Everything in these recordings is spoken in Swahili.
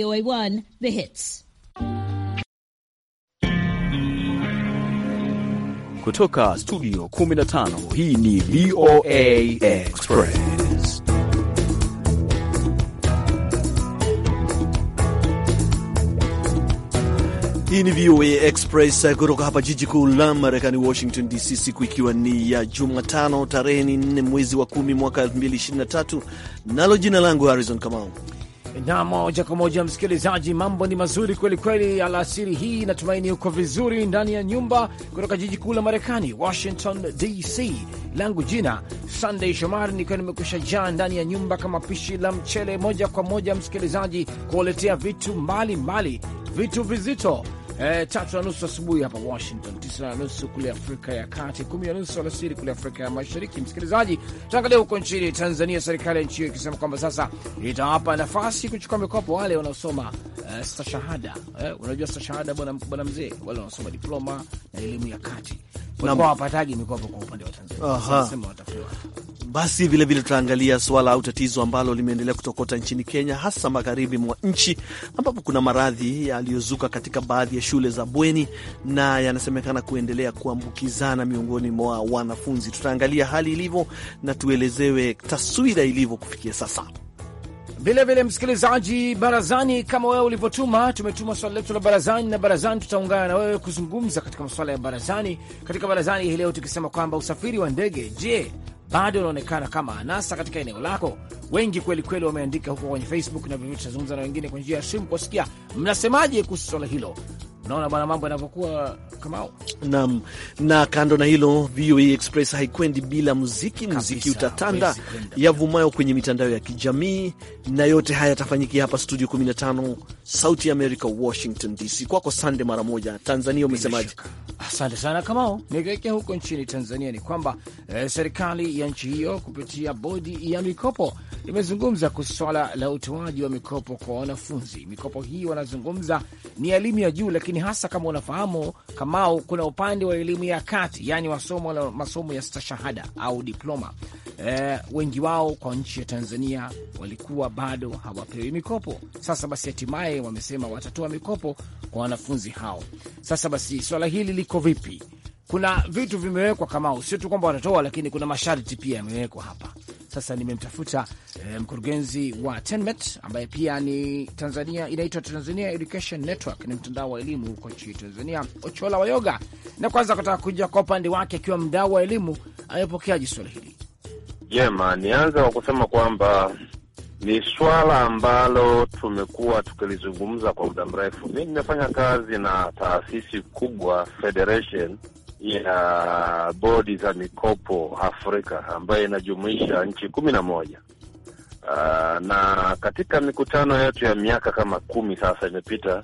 VOA1 The Hits. Kutoka studio 15 hii ni VOA Express. Hii ni VOA Express kutoka hapa jiji kuu la Marekani, Washington DC, siku ikiwa ni ya Jumatano tarehe ni 4 mwezi wa kumi mwaka 2023, nalo jina langu Harrison Kamau na moja kwa moja, msikilizaji, mambo ni mazuri kwelikweli alasiri hii. Natumaini uko vizuri ndani ya nyumba, kutoka jiji kuu la Marekani, Washington DC. Langu jina Sunday Shomari, nikiwa nimekusha jaa ndani ya nyumba kama pishi la mchele, moja kwa moja, msikilizaji, kuwaletea vitu mbalimbali mbali, vitu vizito Eh, tatu na nusu asubuhi hapa Washington, tisa na nusu kule Afrika ya Kati, kumi na nusu alasiri kule Afrika ya Mashariki. Msikilizaji, tuangalia huko nchini Tanzania, serikali ya nchi hiyo ikisema kwamba sasa itawapa nafasi kuchukua mikopo wale wanaosoma uh, stashahada. Eh, unajua stashahada, bwana mzee, wale wanaosoma diploma na elimu ya kati wapataji mikopo kwa upande wa Tanzania, watapewa basi vilevile tutaangalia suala au tatizo ambalo limeendelea kutokota nchini Kenya, hasa magharibi mwa nchi ambapo kuna maradhi yaliyozuka katika baadhi ya shule za bweni na yanasemekana kuendelea kuambukizana miongoni mwa wanafunzi. Tutaangalia hali ilivyo na tuelezewe taswira ilivyo kufikia sasa. Vilevile msikilizaji, barazani, kama wewe ulivyotuma, tumetuma swali letu la barazani, na barazani tutaungana na wewe kuzungumza katika masuala ya barazani, katika barazani hii leo tukisema kwamba usafiri wa ndege, je, bado anaonekana kama anasa katika eneo lako? Wengi kweli kweli wameandika huko kwenye Facebook na vilevile na wengine kwa njia ya simu kuwasikia mnasemaje kuhusu swala hilo. Unaona bwana, mambo yanavyokuwa Kamao. Naam, na kando na hilo, VOA Express haikwendi bila muziki. Muziki utatanda yavumayo kwenye mitandao ya kijamii, na yote haya yatafanyikia hapa studio 15 Sauti ya America, Washington DC. Kwako Sande mara moja. Tanzania umesemaje? Asante sana Kamao. Nikaekea huko nchini Tanzania ni kwamba eh, serikali ya nchi hiyo kupitia bodi ya mikopo imezungumza kuhusu swala la utoaji wa mikopo kwa wanafunzi. Mikopo hii wanazungumza ni elimu ya juu, lakini lakini hasa kama unafahamu Kamau, kuna upande wa elimu ya kati, yani wasomo la masomo ya stashahada au diploma. E, wengi wao kwa nchi ya Tanzania walikuwa bado hawapewi mikopo. Sasa basi, hatimaye wamesema watatoa mikopo kwa wanafunzi hao. Sasa basi, swala hili liko vipi? Kuna vitu vimewekwa Kamau, sio tu kwamba watatoa, lakini kuna masharti pia yamewekwa hapa sasa nimemtafuta eh, mkurugenzi wa TENMET ambaye pia ni Tanzania, inaitwa Tanzania Education Network, ni mtandao wa elimu huko nchini Tanzania. Ochola Wayoga, na kwanza kutaka kuja kwa upande wake akiwa mdau wa elimu, amepokeaje swala hili? Jema, nianza kwa kusema kwamba ni swala ambalo tumekuwa tukilizungumza kwa muda mrefu. Mi nimefanya kazi na taasisi kubwa, federation ya bodi za mikopo Afrika ambayo inajumuisha nchi kumi na moja. Uh, na katika mikutano yetu ya miaka kama kumi sasa imepita,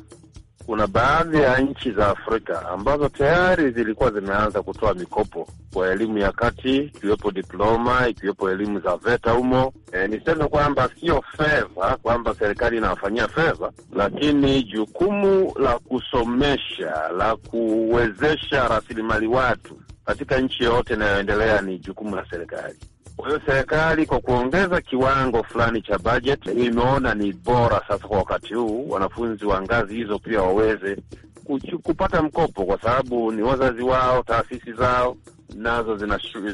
kuna baadhi ya nchi za Afrika ambazo tayari zilikuwa zimeanza kutoa mikopo kwa elimu ya kati, ikiwepo diploma, ikiwepo elimu za VETA humo. E, niseme kwamba sio fedha kwamba serikali inawafanyia fedha, lakini jukumu la kusomesha, la kuwezesha rasilimali watu katika nchi yoyote inayoendelea ni jukumu la serikali. Kwa hiyo serikali kwa kuongeza kiwango fulani cha bajeti imeona ni bora sasa kwa wakati huu wanafunzi wa ngazi hizo pia waweze kuchu, kupata mkopo, kwa sababu ni wazazi wao, taasisi zao nazo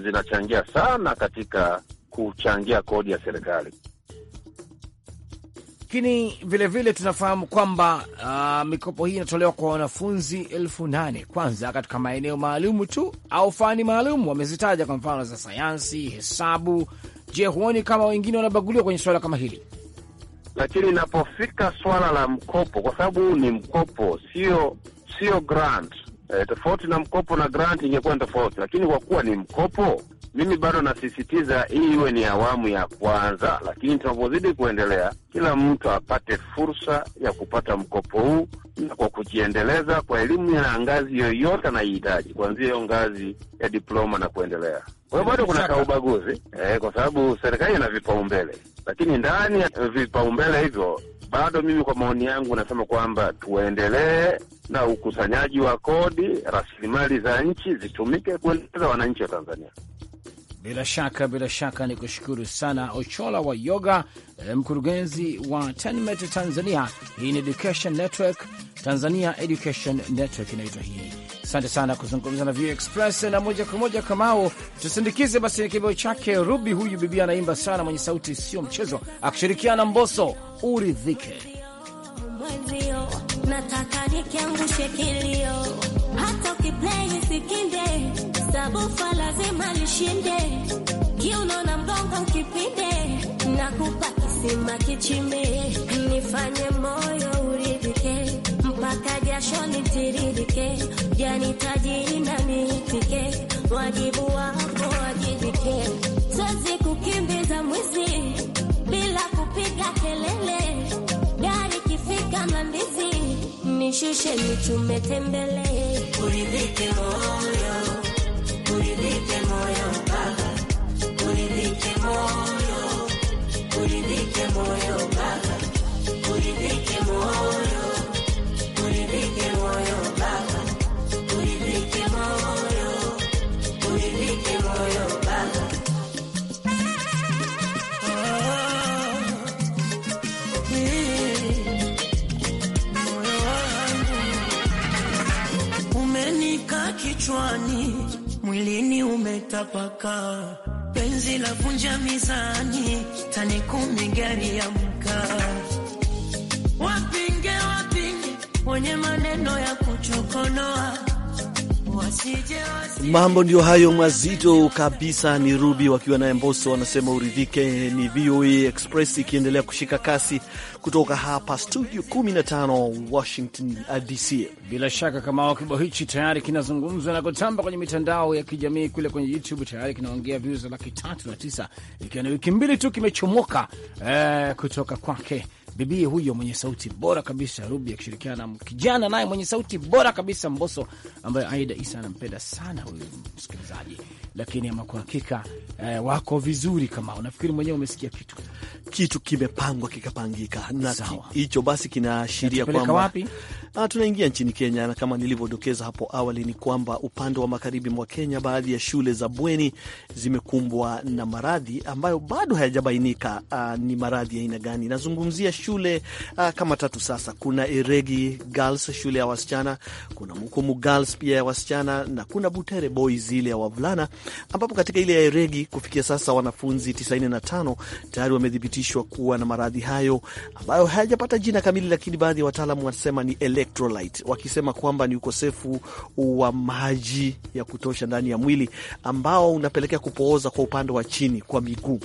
zinachangia sana katika kuchangia kodi ya serikali lakini vilevile tunafahamu kwamba uh, mikopo hii inatolewa kwa wanafunzi elfu nane kwanza katika maeneo maalum tu au fani maalum wamezitaja, kwa mfano za sayansi, hesabu. Je, huoni kama wengine wanabaguliwa kwenye suala kama hili? Lakini inapofika swala la mkopo, kwa sababu huu ni mkopo, sio sio grant. E, tofauti na mkopo na grant ingekuwa ni tofauti, lakini kwa kuwa ni mkopo mimi bado nasisitiza hii iwe ni awamu ya kwanza, lakini tunavyozidi kuendelea, kila mtu apate fursa ya kupata mkopo huu na kwa kujiendeleza kwa elimu ya ngazi yoyote anaihitaji kuanzia hiyo ngazi ya diploma na kuendelea. Kwa hiyo bado kuna kaubaguzi eh, kwa sababu serikali ina vipaumbele, lakini ndani ya vipaumbele hivyo bado mimi kwa maoni yangu nasema kwamba tuendelee na ukusanyaji wa kodi, rasilimali za nchi zitumike kuendeleza wananchi wa Tanzania. Bila shaka, bila shaka ni kushukuru sana Ochola wa Yoga, eh, mkurugenzi wa TenMet Tanzania. Hii ni Education Network Tanzania, Education Network inaitwa hii. Asante sana kuzungumza na VOA Express na moja kwa moja. Kamao, tusindikize basi kibao chake Rubi. Huyu bibi anaimba sana, mwenye sauti sio mchezo, akishirikiana Mboso. Uridhike tabofa lazima lishinde, unaona mdongo ukipinde nakupa kisima kichimbe, nifanye moyo uridhike mpaka jasho nitiririke, jani na niitike, wajibu wako wajibike, siwezi kukimbiza mwizi bila kupiga kelele, gari kifika mandizi nishushe nichume tembele, uridhike moyo Kichwani mwilini umetapaka, penzi la vunja mizani, tani kumi gari ya mkaa. Wapinge wapinge wenye maneno ya kuchokonoa Mambo ndio hayo mazito kabisa. Ni Rubi wakiwa naye Mboso wanasema uridhike. Ni VOA Express ikiendelea kushika kasi kutoka hapa studio 15 Washington uh, DC. Bila shaka kama kibao hichi tayari kinazungumzwa na kutamba kwenye mitandao ya kijamii kule kwenye YouTube, tayari kinaongea views laki tatu na tisa ikiwa ni wiki mbili tu kimechomoka eh, kutoka kwake bibi huyo mwenye sauti bora kabisa Rubi akishirikiana na kijana naye mwenye sauti bora kabisa Mboso, ambaye Aida Isa anampenda sana huyu msikilizaji. Lakini ama kwa hakika eh, wako vizuri. Kama unafikiri mwenyewe umesikia kitu kitu kimepangwa kikapangika na hicho basi kinaashiria kwamba ah, tunaingia nchini Kenya, na kama nilivyodokeza hapo awali ni kwamba upande wa magharibi mwa Kenya, baadhi ya shule za bweni zimekumbwa na maradhi ambayo bado hayajabainika ah, ni maradhi aina gani. Nazungumzia shule a, ah, kama tatu sasa. Kuna Eregi Girls, shule ya wasichana, kuna Mukumu Girls pia ya wasichana, na kuna Butere Boys ile ya wavulana, ambapo katika ile ya Eregi kufikia sasa wanafunzi 95 tayari wamethibitishwa kuwa na maradhi hayo ambayo hayajapata jina kamili, lakini baadhi ya wataalamu wanasema ni electrolyte, wakisema kwamba ni ukosefu wa maji ya kutosha ndani ya mwili ambao unapelekea kupooza kwa upande wa chini kwa miguu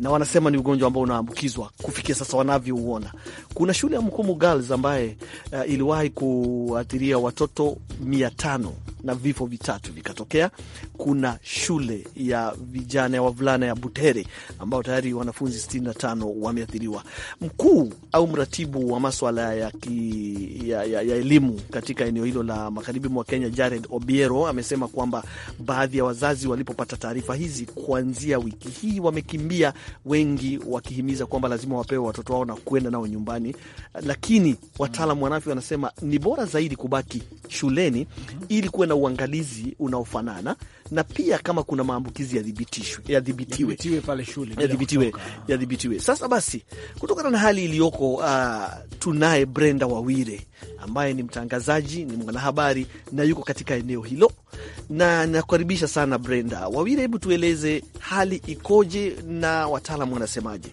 na wanasema ni ugonjwa ambao unaambukizwa kufikia sasa wanavyouona. Kuna shule ya Mkumu Girls ambaye uh, iliwahi kuathiria watoto mia tano na vifo vitatu vikatokea. Kuna shule ya vijana ya wavulana ya Butere ambao tayari wanafunzi sitini na tano wameathiriwa. Mkuu au mratibu wa maswala ya, ki, ya, ya, ya elimu katika eneo hilo la magharibi mwa Kenya, Jared Obiero amesema kwamba baadhi ya wazazi walipopata taarifa hizi kuanzia wiki hii wamekimbia wengi wakihimiza kwamba lazima wapewe watoto wao na kwenda nao nyumbani, lakini wataalam wa afya wanasema ni bora zaidi kubaki shuleni ili kuwe na uangalizi unaofanana, na pia kama kuna maambukizi yadhibitishwe, yadhibitiwe, yadhibitiwe pale shule, yadhibitiwe, yadhibitiwe. Sasa basi, kutokana na hali iliyoko, uh, tunaye Brenda Wawire ambaye ni mtangazaji, ni mwanahabari na yuko katika eneo hilo na nakukaribisha sana Brenda Wawili, hebu tueleze hali ikoje na wataalamu wanasemaje?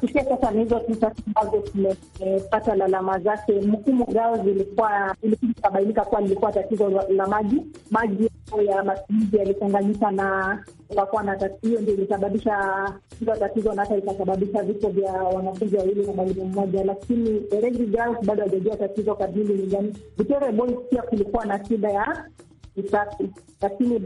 Kufikia sasa ni hizo tisa ambazo tumepata lalama zake. Mkumu gao zilikuwa ikabainika kuwa lilikuwa tatizo la maji, maji ya matumizi yalichanganyika na kakuwa na hiyo ndio ilisababisha hizo tatizo na hata ikasababisha vifo vya wanafunzi wawili na mwalimu mmoja, lakini Eregi Girls bado hajajua tatizo kamili ni gani. Vitere Boys pia kulikuwa na shida ya vitatu, lakini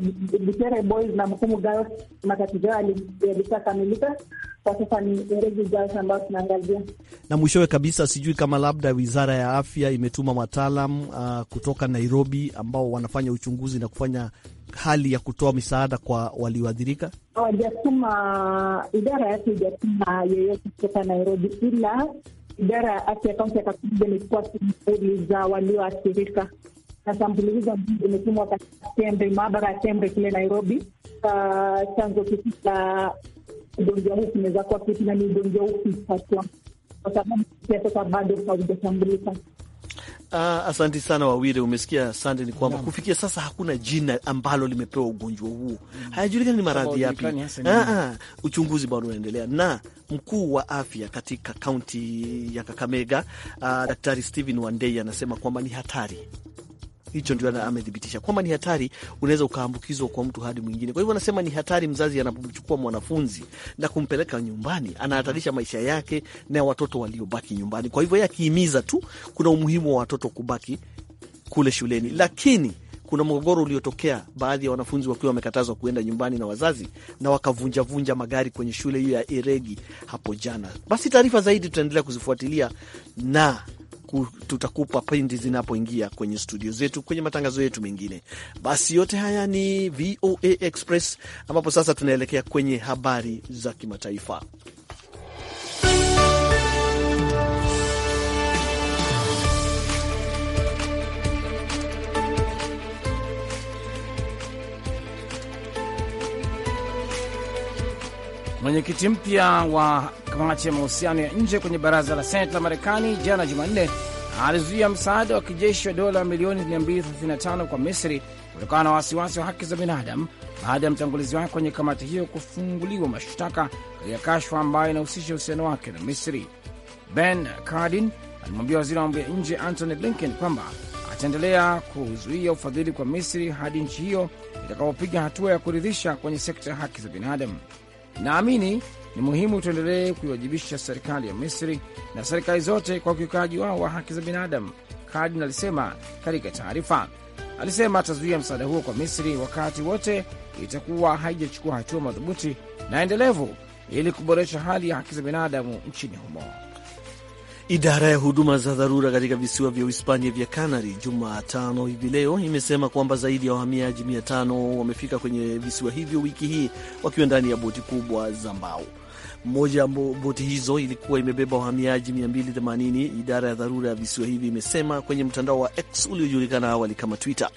Butere Boys na Mkumu Girls matatizo yao yalishakamilika. Kwa sasa ni Erezi Girls ambayo tunaangazia. Na mwishowe kabisa, sijui kama labda wizara ya afya imetuma wataalam uh, kutoka Nairobi ambao wanafanya uchunguzi na kufanya hali ya kutoa misaada kwa walioathirika. Hawajatuma, idara ya afya ijatuma yeyote kutoka Nairobi, ila idara ya afya kaunti ya Kakuma imechukua sampuli za walioathirika na sampuli hizo zimetumwa katika Tembe, maabara ya Tembe kule Nairobi. Uh, chanzo kiki cha ugonjwa huu kinaweza kuwa kipi na ni ugonjwa upi haswa, kwa sababu sasa bado haujatambulika. Uh, ah, asanti sana Wawire, umesikia. Asante. Ni kwamba yeah. kufikia sasa hakuna jina ambalo limepewa ugonjwa huo, mm. hayajulikani ni maradhi yapi. Uh, uh, uchunguzi bado unaendelea, na mkuu wa afya katika kaunti ya Kakamega, uh, Daktari Stephen Wandei anasema kwamba ni hatari hicho ndio amethibitisha kwamba ni hatari, unaweza ukaambukizwa kwa mtu hadi mwingine. Kwa hivyo anasema ni hatari, mzazi anapomchukua mwanafunzi na kumpeleka nyumbani anahatarisha maisha yake na watoto waliobaki nyumbani. Kwa hivyo yeye akihimiza tu, kuna umuhimu wa watoto kubaki kule shuleni, lakini kuna mgogoro uliotokea, baadhi ya wanafunzi wakiwa wamekatazwa kuenda nyumbani na wazazi na wakavunjavunja magari kwenye shule hiyo ya Eregi hapo jana. Basi taarifa zaidi tutaendelea kuzifuatilia na tutaku, tutakupa pindi zinapoingia kwenye studio zetu kwenye matangazo yetu mengine. Basi yote haya ni VOA Express, ambapo sasa tunaelekea kwenye habari za kimataifa. Mwenyekiti mpya wa kamati ya mahusiano ya nje kwenye baraza la seneti la Marekani jana Jumanne alizuia msaada wa kijeshi wa dola milioni 235 kwa Misri kutokana na wasiwasi wa haki za binadamu baada ya mtangulizi wake kwenye kamati hiyo kufunguliwa mashtaka ya kashfa ambayo inahusisha uhusiano wake na Misri. Ben Cardin alimwambia waziri wa mambo ya nje Antony Blinken kwamba ataendelea kuzuia ufadhili kwa Misri hadi nchi hiyo itakapopiga hatua ya kuridhisha kwenye sekta ya haki za binadamu. Naamini ni muhimu tuendelee kuiwajibisha serikali ya Misri na serikali zote kwa ukiukaji wao wa haki za binadamu, Kadin alisema katika taarifa. Alisema atazuia msaada huo kwa Misri wakati wote itakuwa haijachukua hatua madhubuti na endelevu ili kuboresha hali ya haki za binadamu nchini humo. Idara ya huduma za dharura katika visiwa vya Uhispania vya Canary Jumatano hivi leo imesema kwamba zaidi ya wahamiaji mia tano wamefika kwenye visiwa hivyo wiki hii wakiwa ndani ya boti kubwa za mbao. Mmoja ya boti hizo ilikuwa imebeba wahamiaji 280, idara ya dharura ya visiwa hivi imesema kwenye mtandao wa X uliojulikana awali kama Twitter.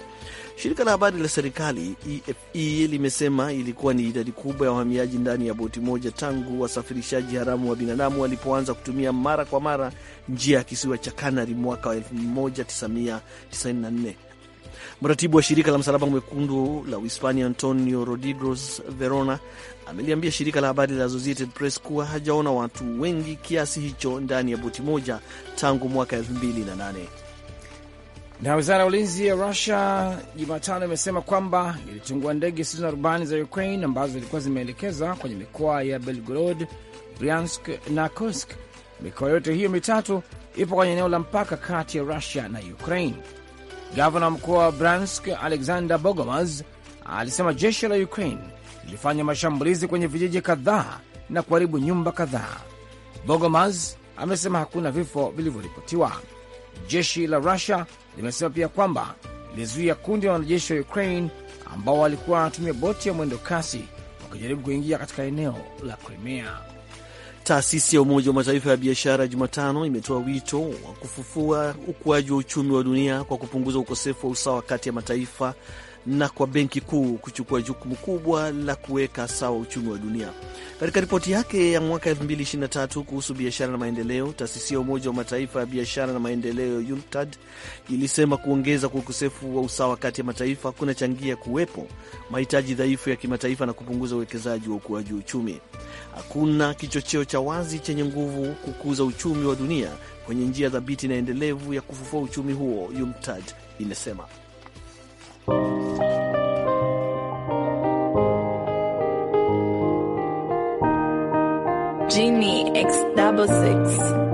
Shirika la habari la serikali EFE e, limesema ilikuwa ni idadi kubwa ya wahamiaji ndani ya boti moja tangu wasafirishaji haramu wa binadamu walipoanza kutumia mara kwa mara njia ya kisiwa cha Kanari mwaka wa 1994. Mratibu wa shirika la Msalaba Mwekundu la Uhispania, Antonio rodrigos Verona, ameliambia shirika la habari la Associated Press kuwa hajaona watu wengi kiasi hicho ndani ya boti moja tangu mwaka 2008. Na wizara ya ulinzi ya Rusia Jumatano imesema kwamba ilitungua ndege zisizo na rubani za Ukraine ambazo zilikuwa zimeelekeza kwenye mikoa ya Belgorod, Briansk na Kursk. Mikoa yote hiyo mitatu ipo kwenye eneo la mpaka kati ya Rusia na Ukraine. Gavana wa mkoa wa Bransk Alexander Bogomaz alisema jeshi la Ukraine lilifanya mashambulizi kwenye vijiji kadhaa na kuharibu nyumba kadhaa. Bogomaz amesema hakuna vifo vilivyoripotiwa. Jeshi la Rusia limesema pia kwamba lilizuia kundi la wanajeshi wa Ukraine ambao walikuwa wanatumia boti ya mwendo kasi wakijaribu kuingia katika eneo la Crimea. Taasisi ya Umoja wa Mataifa ya biashara Jumatano imetoa wito wa kufufua ukuaji wa uchumi wa dunia kwa kupunguza ukosefu wa usawa kati ya mataifa na kwa Benki Kuu kuchukua jukumu kubwa la kuweka sawa uchumi wa dunia. Katika ripoti yake ya mwaka 2023 kuhusu biashara na maendeleo, taasisi ya Umoja wa Mataifa ya biashara na maendeleo UNCTAD ilisema kuongeza kwa ukosefu wa usawa kati ya mataifa kunachangia kuwepo mahitaji dhaifu ya kimataifa na kupunguza uwekezaji wa ukuaji wa uchumi. Hakuna kichocheo cha wazi chenye nguvu kukuza uchumi wa dunia kwenye njia thabiti na endelevu ya kufufua uchumi huo, UNCTAD inasema. Genie X double six.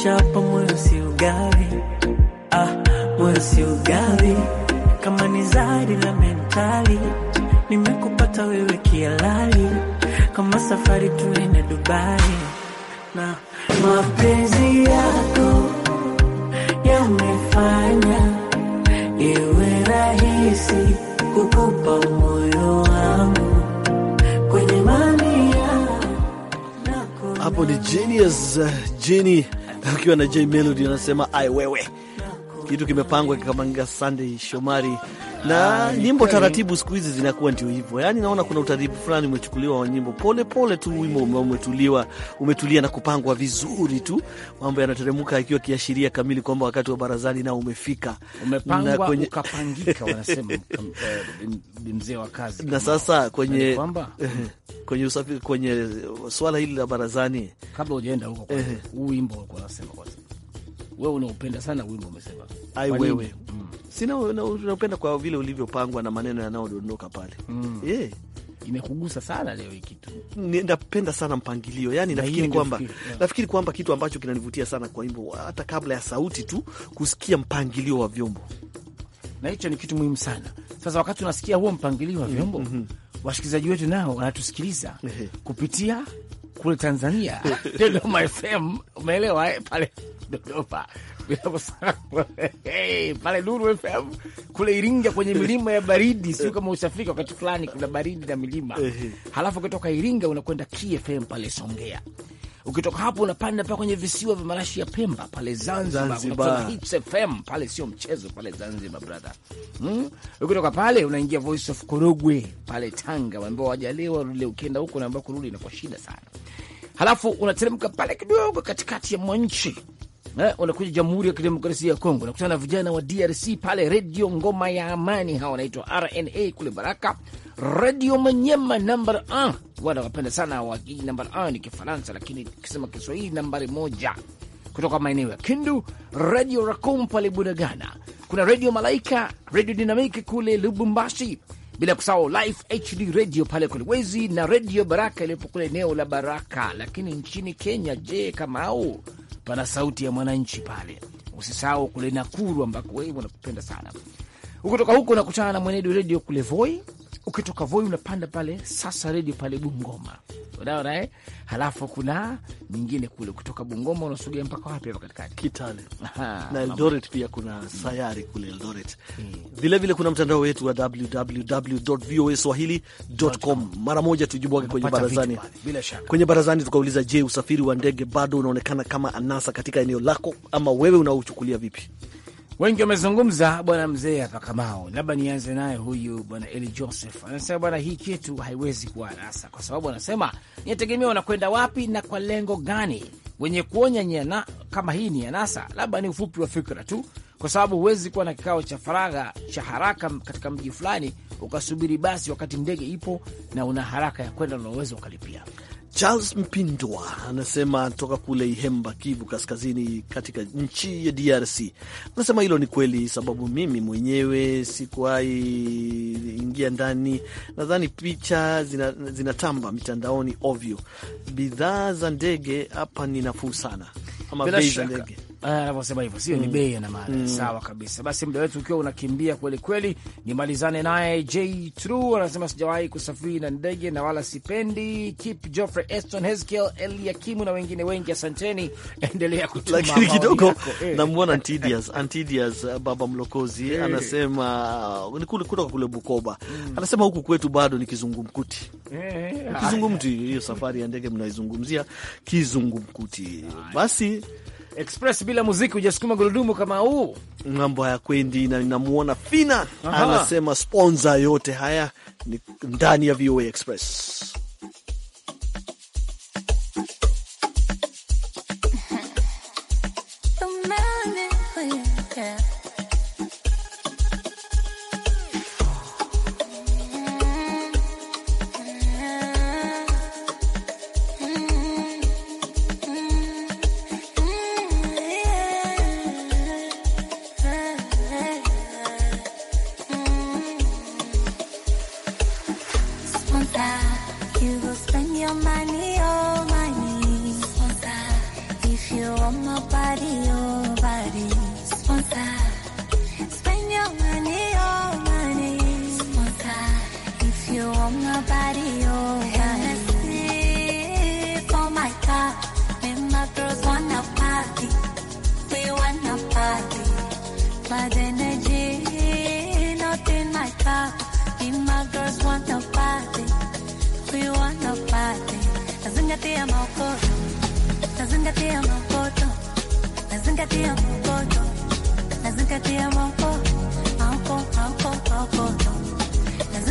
kuonyesha hapa, moyo si ugawi. Ah, moyo si ugawi, kama ni zari la mentali, nimekupata wewe kialali, kama safari tuende Dubai na mapenzi yako yamefanya iwe rahisi kukupa moyo wangu kwenye mani hapo ni Genius genie akiwa na J Melody anasema ai wewe, kitu kimepangwa kikamanga. Sunday Shomari na ah, nyimbo taratibu siku hizi zinakuwa ndio hivyo, yaani naona kuna utaratibu fulani umechukuliwa wa nyimbo, pole pole tu wimbo umetuliwa, umetulia na kupangwa vizuri tu, mambo yanateremka, ikiwa kiashiria kamili kwamba wakati wa barazani nao umefika, umepangwa na kwenye... ukapangika wanasema mzee wa kazi. Na sasa yaani kwenye kwenye usafi, kwenye swala hili la barazani, kabla hujaenda huko, wimbo ulikuwa unasema wewe unaupenda sana wimbo umesema. Ai wewe mm. mm. Sina unaopenda kwa vile ulivyopangwa na maneno yanayodondoka pale mm. yeah. Imekugusa sana leo hii kitu, napenda sana mpangilio yani, nafikiri kwamba nafikiri kwamba kitu ambacho kinanivutia sana kwa wimbo, hata kabla ya sauti tu kusikia mpangilio wa vyombo, na hicho ni kitu muhimu sana. Sasa wakati unasikia huo mpangilio wa mm, vyombo mm -hmm. Wasikilizaji wetu nao wanatusikiliza kupitia kule Tanzania Dodoma FM, umeelewa eh, pale Dodopa, bila kusahau hey, pale Lulu FM kule Iringa kwenye milima ya baridi, sio kama usafika wakati fulani, kuna baridi na milima. Halafu ukitoka Iringa unakwenda KFM pale Songea ukitoka hapo unapanda pa kwenye visiwa vya marashi ya Pemba pale Zanzibar, Zanzibar. Hits FM pale sio mchezo pale Zanzibar brother, hmm? Ukitoka pale unaingia Voice of Korogwe pale Tanga, ambao wajalewa warudi. Ukienda huko naambao kurudi inakuwa shida sana. Halafu unateremka pale kidogo katikati ya mwa nchi eh, unakuja Jamhuri ya Kidemokrasia ya Kongo, nakutana na vijana wa DRC pale Redio Ngoma ya Amani, hawa wanaitwa RNA kule Baraka, Redio Manyema nambar a wanawapenda sana wagii. Nambar a ni Kifaransa, lakini kisema Kiswahili nambari moja kutoka maeneo ya Kindu, Redio Racom pale Bunagana, kuna Redio Malaika, Redio Dinamiki kule Lubumbashi, bila kusahau Life HD Radio pale Kolwezi na Redio Baraka iliyopo kule eneo la Baraka. Lakini nchini Kenya, je, kama au pana sauti ya mwananchi pale. Usisahau kule Nakuru ambako wewe wanakupenda sana. Ukitoka huko unakutana na mwenedi redio kule Voi ukitoka Voi unapanda pale sasa redio pale Bungoma, unaona eh? Halafu kuna nyingine kule kutoka Bungoma unasogea mpaka wapi hapa katikati Kitale na Eldoret. Pia kuna mm. sayari kule Eldoret vilevile. Mm. hmm. Vile kuna mtandao wetu wa www voa swahili com. Mara moja tujibwage kwenye barazani, kwenye barazani tukauliza, je, usafiri wa ndege bado unaonekana kama anasa katika eneo lako, ama wewe unauchukulia vipi? wengi wamezungumza. Bwana mzee hapa Kamao, labda nianze naye huyu bwana Eli Joseph anasema, bwana, hii kitu haiwezi kuwa anasa kwa sababu anasema inategemea wanakwenda wapi na kwa lengo gani. Wenye kuonya nyana, kama hii ni anasa, labda ni ufupi wa fikra tu, kwa sababu huwezi kuwa na kikao cha faragha cha haraka katika mji fulani ukasubiri basi, wakati ndege ipo na una haraka ya kwenda, unaoweza ukalipia Charles Mpindwa anasema toka kule Ihemba, Kivu Kaskazini, katika nchi ya DRC. Anasema hilo ni kweli, sababu mimi mwenyewe sikuwahi ingia ndani. Nadhani picha zinatamba zina mitandaoni ovyo. Bidhaa za ndege hapa ni nafuu sana, ama bei za ndege Eh, anavyosema hivyo sio, mm. ni bei ana maana mm. sawa kabisa. Basi muda wetu ukiwa unakimbia kweli kweli, nimalizane naye J True anasema sijawahi kusafiri na ndege na wala sipendi. Kip Geoffrey Eston Hezkel Eliakimu na wengine wengi, asanteni, endelea kutuma. Lakini kidogo eh. namwona Antidias Antidias uh, baba mlokozi eh. anasema uh, ni kule kutoka kule Bukoba mm. anasema huku kwetu bado ni kizungumkuti kizungumti. Hiyo safari ya ndege mnaizungumzia kizungumkuti, basi Express bila muziki hujasukuma gurudumu kama huu, mambo kwendi Na namuona Fina Aha. anasema sponsa yote haya ni ndani ya VOA Express.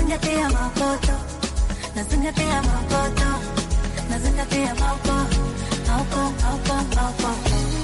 nazingatia maokoto, nazingatia maokoto, nazingatia maokoto, maokoto, maokoto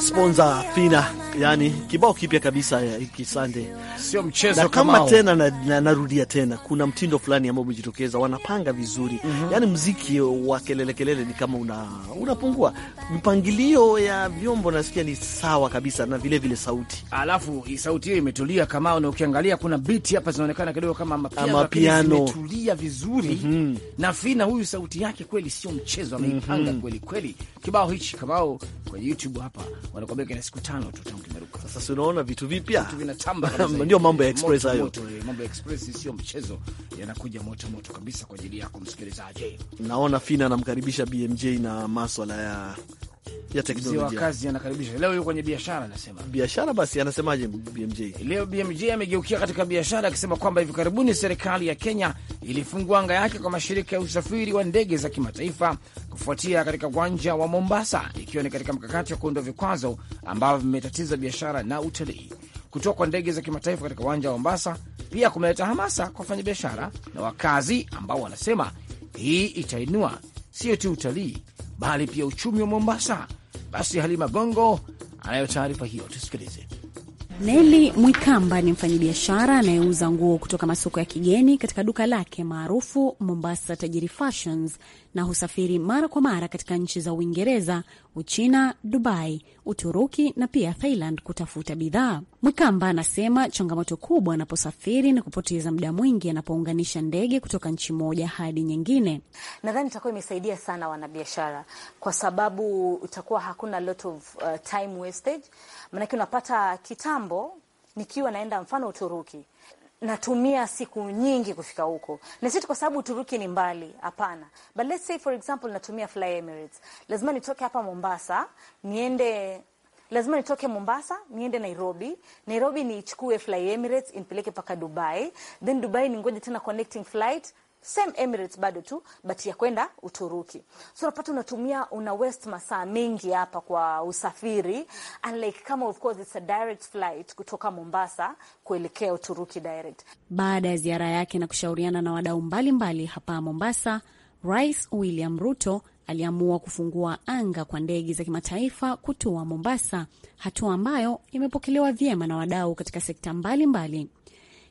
Sponza Fina, yani kibao kipya kabisa eh, hiki Sunday, sio mchezo kama kamao. Tena na, na, narudia tena, kuna mtindo fulani ambao umejitokeza, wanapanga vizuri mm -hmm. Yani mziki wa kelele kelele ni kama una, unapungua. Mpangilio ya vyombo nasikia ni sawa kabisa, na vile vile sauti, alafu hii sauti hiyo imetulia kama, na ukiangalia kuna beat hapa zinaonekana kidogo kama mapiano, mapiano imetulia vizuri mm -hmm. na Fina huyu sauti yake kweli sio mchezo, ameipanga mm -hmm. kweli kweli, kibao hichi kamao kwa YouTube kidogo hapa, wanakuambia kina siku tano tu tangu kimeruka. Sasa unaona vitu vipya vinatamba, ndio mambo ya express hayo. Eh, mambo ya express sio mchezo, yanakuja moto moto kabisa kwa ajili yako msikilizaji. Naona Fina anamkaribisha BMJ na maswala ya ya teknolojia. Mzee wa kazi anakaribisha leo, yuko kwenye biashara, anasema biashara. Basi anasemaje BMJ leo? BMJ amegeukia katika biashara akisema kwamba hivi karibuni serikali ya Kenya ilifungua anga yake kwa mashirika ya usafiri wa ndege za kimataifa kufuatia katika uwanja wa Mombasa, ikiwa ni katika mkakati wa kuondoa vikwazo ambavyo vimetatiza biashara na utalii. Kutoka kwa ndege za kimataifa katika uwanja wa Mombasa pia kumeleta hamasa kwa wafanyabiashara na wakazi ambao wanasema hii itainua sio tu utalii bali pia uchumi wa Mombasa. Basi Halima Gongo anayo taarifa hiyo, tusikilize. Neli Mwikamba ni mfanyabiashara anayeuza nguo kutoka masoko ya kigeni katika duka lake maarufu Mombasa Tajiri Fashions, na husafiri mara kwa mara katika nchi za Uingereza, Uchina, Dubai, Uturuki na pia Thailand kutafuta bidhaa. Mwikamba anasema changamoto kubwa anaposafiri ni kupoteza muda mwingi anapounganisha ndege kutoka nchi moja hadi nyingine. Nadhani itakuwa imesaidia sana wanabiashara, kwa sababu utakuwa hakuna lot of uh, time wastage, maanake unapata kitambo, nikiwa naenda mfano Uturuki natumia siku nyingi kufika huko, na si kwa sababu Uturuki ni mbali, hapana, but let's say for example natumia Fly Emirates, lazima nitoke hapa Mombasa niende lazima nitoke Mombasa niende Nairobi, Nairobi niichukue Fly Emirates inipeleke mpaka Dubai, then Dubai ningoje tena connecting flight same Emirates bado tu but ya kwenda Uturuki. So unapata unatumia una waste masaa mengi hapa kwa usafiri unlike kama of course it's a direct flight kutoka Mombasa kuelekea Uturuki direct. Baada ya ziara yake na kushauriana na wadau mbalimbali hapa Mombasa, Rais William Ruto aliamua kufungua anga kwa ndege za kimataifa kutua Mombasa, hatua ambayo imepokelewa vyema na wadau katika sekta mbalimbali mbali.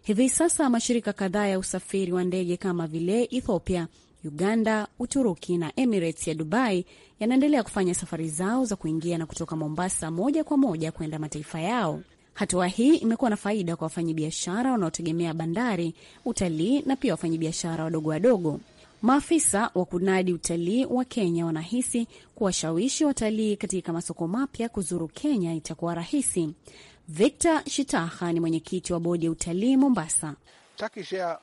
Hivi sasa mashirika kadhaa ya usafiri wa ndege kama vile Ethiopia, Uganda, Uturuki na Emirates ya Dubai yanaendelea kufanya safari zao za kuingia na kutoka Mombasa moja kwa moja kwenda mataifa yao. Hatua hii imekuwa na faida kwa wafanyabiashara wanaotegemea bandari, utalii na pia wafanyabiashara wadogo wadogo. Maafisa wa kunadi utalii wa Kenya wanahisi kuwashawishi watalii katika masoko mapya kuzuru Kenya itakuwa rahisi. Victor Shitaha ni mwenyekiti wa bodi ya utalii Mombasa. Turkish Air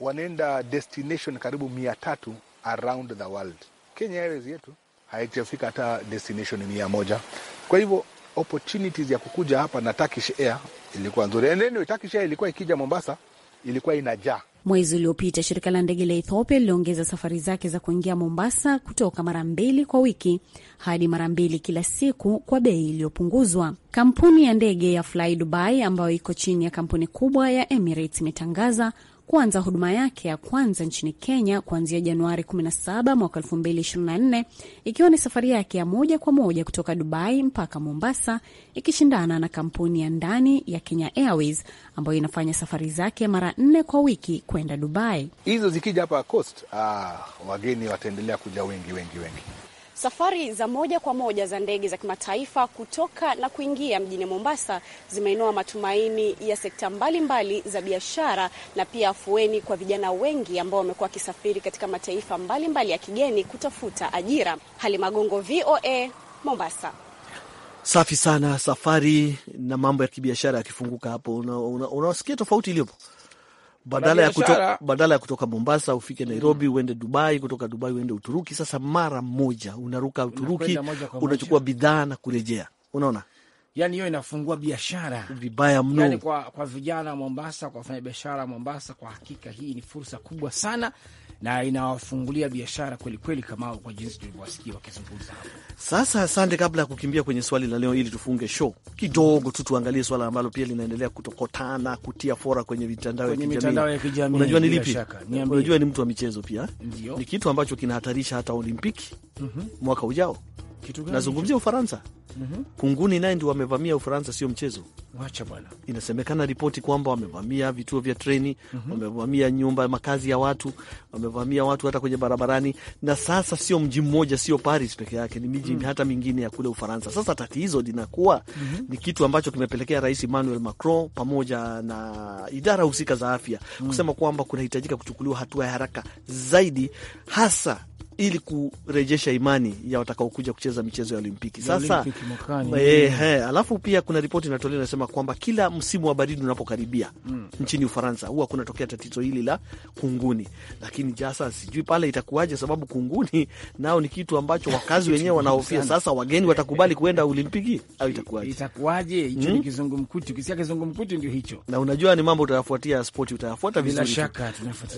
wanaenda destination karibu mia tatu around the world. Kenya Airways yetu haijafika hata destination mia moja. Kwa hivyo opportunities ya kukuja hapa na Turkish Air ilikuwa nzuri. And anyway, Turkish Air ilikuwa ikija Mombasa ilikuwa inajaa Mwezi uliopita shirika la ndege la Ethiopia liliongeza safari zake za kuingia Mombasa kutoka mara mbili kwa wiki hadi mara mbili kila siku kwa bei iliyopunguzwa. Kampuni ya ndege ya Fly Dubai ambayo iko chini ya kampuni kubwa ya Emirates imetangaza kuanza huduma yake ya kwanza nchini Kenya kuanzia Januari 17 mwaka 2024, ikiwa ni safari yake ya moja kwa moja kutoka Dubai mpaka Mombasa, ikishindana na kampuni ya ndani ya Kenya Airways ambayo inafanya safari zake mara nne kwa wiki kwenda Dubai. Hizo zikija hapa Coast, ah, wageni wataendelea kuja wengi wengi wengi. Safari za moja kwa moja za ndege za kimataifa kutoka na kuingia mjini Mombasa zimeinua matumaini ya sekta mbalimbali mbali za biashara na pia afueni kwa vijana wengi ambao wamekuwa wakisafiri katika mataifa mbalimbali mbali ya kigeni kutafuta ajira. Halima Gongo, VOA Mombasa. Safi sana, safari na mambo ya kibiashara yakifunguka hapo, unasikia una, una tofauti iliyopo badala ya, kuto, badala ya kutoka Mombasa ufike Nairobi uende mm -hmm. Dubai, kutoka Dubai uende Uturuki. Sasa mara moja unaruka Uturuki, unachukua bidhaa na kurejea, unaona yani hiyo inafungua biashara vibaya mno, yani kwa, kwa vijana wa Mombasa, kwa wafanya biashara wa Mombasa. Kwa hakika hii ni fursa kubwa sana na inawafungulia biashara kwelikweli, kama kwa jinsi tulivyowasikia wakizungumza hapo. Sasa asante, kabla ya kukimbia kwenye swali la leo, ili tufunge show kidogo tu, tuangalie swala ambalo pia linaendelea kutokotana kutia fora kwenye mitandao ya kijamii Unajua ni lipi? Unajua ni mtu wa michezo pia, ni kitu ambacho kinahatarisha hata Olimpiki mm -hmm. mwaka ujao nazungumzia Ufaransa. mm -hmm. Kunguni naye ndio wamevamia Ufaransa, sio mchezo. Wacha bwana, inasemekana ripoti kwamba wamevamia vituo vya treni. mm -hmm. Wamevamia nyumba, makazi ya watu, wamevamia watu hata kwenye barabarani. Na sasa sio mji mmoja, sio Paris peke yake, ni miji mm -hmm. hata mingine ya kule Ufaransa. Sasa tatizo linakuwa mm -hmm. ni kitu ambacho kimepelekea Rais Emmanuel Macron pamoja na idara husika za afya mm -hmm. kusema kwamba kunahitajika kuchukuliwa hatua ya haraka zaidi hasa ili kurejesha imani ya watakaokuja kucheza michezo ya Olimpiki. Sasa e, eh, he, eh, alafu pia kuna ripoti inatolewa inasema kwamba kila msimu wa baridi unapokaribia mm nchini Ufaransa huwa kunatokea tatizo hili la kunguni, lakini jasa sijui pale itakuwaje, sababu kunguni nao ni kitu ambacho wakazi wenyewe wanahofia. Sasa wageni watakubali kuenda Olimpiki au itakuwaje? Itakuwaje hmm? hicho hmm? ni kizungumkuti. Ukisikia kizungumkuti ndio hicho, na unajua ni mambo utayafuatia spoti, utayafuata vizuri shaka,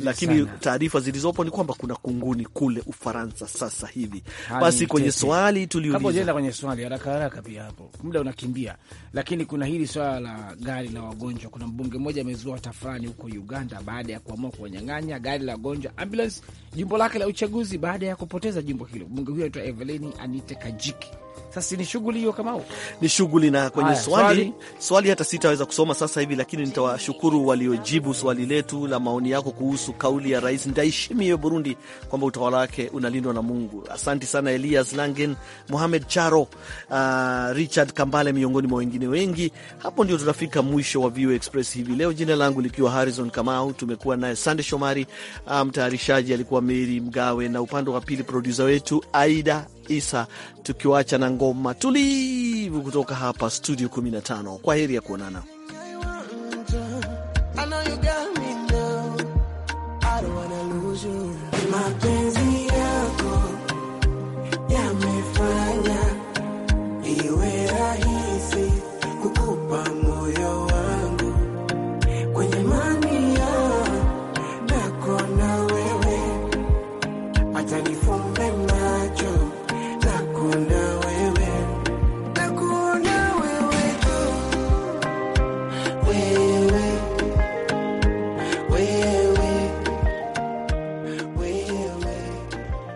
lakini taarifa zilizopo ni kwamba kuna kunguni kule Ufaransa sasa hivi. Basi kwenye swali tuliuliza, kwenye swali haraka haraka, pia hapo muda unakimbia, lakini kuna hili swala la gari la wagonjwa. Kuna mbunge mmoja ame alizua tafrani huko Uganda baada ya kuamua kuwanyang'anya gari la wagonjwa ambulance jimbo lake la uchaguzi baada ya kupoteza jimbo hilo. Mbunge huyo anaitwa evelini Anite Kajiki sasa ni shughuli hiyo, Kamau, ni shughuli na kwenye Aya, swali, swali swali hata sitaweza kusoma sasa hivi, lakini nitawashukuru waliojibu swali letu la maoni yako kuhusu kauli ya Rais Ndayishimiye Burundi kwamba utawala wake unalindwa na Mungu. asanti sana Elias Langen, Mohamed Charo, uh, Richard Kambale miongoni mwa wengine wengi. Hapo ndio tunafika mwisho wa VOA Express hivi leo, jina langu likiwa Harrison Kamau, tumekuwa naye Sande Shomari, uh, mtayarishaji um, alikuwa Meri Mgawe na upande wa pili produsa wetu Aida Isa, tukiwacha na ngoma tulivu kutoka hapa studio 15. Kwa heri ya kuonana.